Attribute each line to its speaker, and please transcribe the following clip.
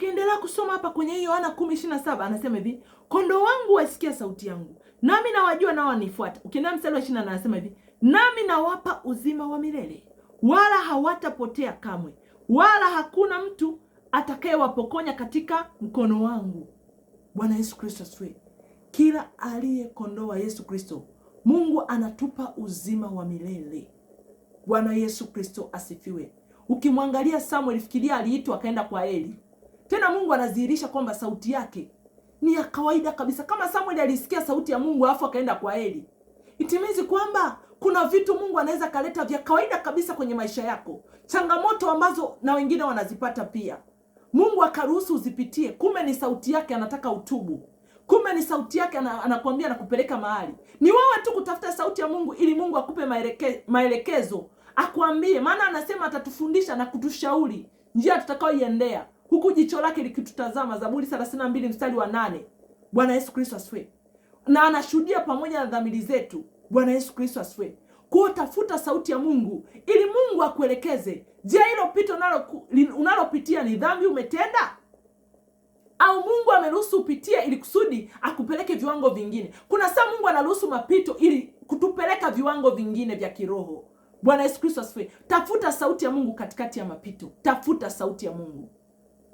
Speaker 1: Ukiendelea kusoma hapa kwenye hiyo Yohana 10:27 anasema hivi, kondoo wangu wasikia sauti yangu, nami nawajua nao wanifuata. Ukiendelea mstari wa 28 anasema hivi, nami nawapa uzima wa milele, wala hawatapotea kamwe, wala hakuna mtu atakayewapokonya katika mkono wangu.
Speaker 2: Bwana Yesu Kristo asifiwe. Kila aliye kondoo wa Yesu Kristo, Mungu anatupa uzima wa milele. Bwana Yesu Kristo asifiwe. Ukimwangalia Samuel, fikiria aliitwa akaenda kwa Eli tena Mungu anadhihirisha kwamba sauti yake ni ya kawaida kabisa, kama Samuel alisikia sauti ya Mungu afu akaenda kwa Eli. Itimizi kwamba kuna vitu Mungu anaweza kaleta vya kawaida kabisa kwenye maisha yako, changamoto ambazo na wengine wanazipata pia, Mungu akaruhusu uzipitie. Kumbe ni sauti yake anataka utubu, kumbe ni sauti yake anakuambia na kupeleka mahali. Ni wewe tu kutafuta sauti ya Mungu ili Mungu akupe maeleke, maelekezo, akuambie, maana anasema atatufundisha na kutushauri njia tutakayoiendea huku jicho lake likitutazama, Zaburi 32 mstari wa nane. Bwana Yesu Kristo asifiwe. Na anashuhudia pamoja na dhamiri zetu. Bwana Yesu Kristo asifiwe. Kwa tafuta sauti ya Mungu ili Mungu akuelekeze. Je, hilo pito unalopitia ni dhambi umetenda au Mungu ameruhusu upitie ili kusudi akupeleke viwango vingine? Kuna saa Mungu anaruhusu mapito ili kutupeleka viwango vingine vya kiroho. Bwana Yesu Kristo asifiwe. Tafuta sauti ya Mungu katikati ya mapito. Tafuta sauti ya Mungu.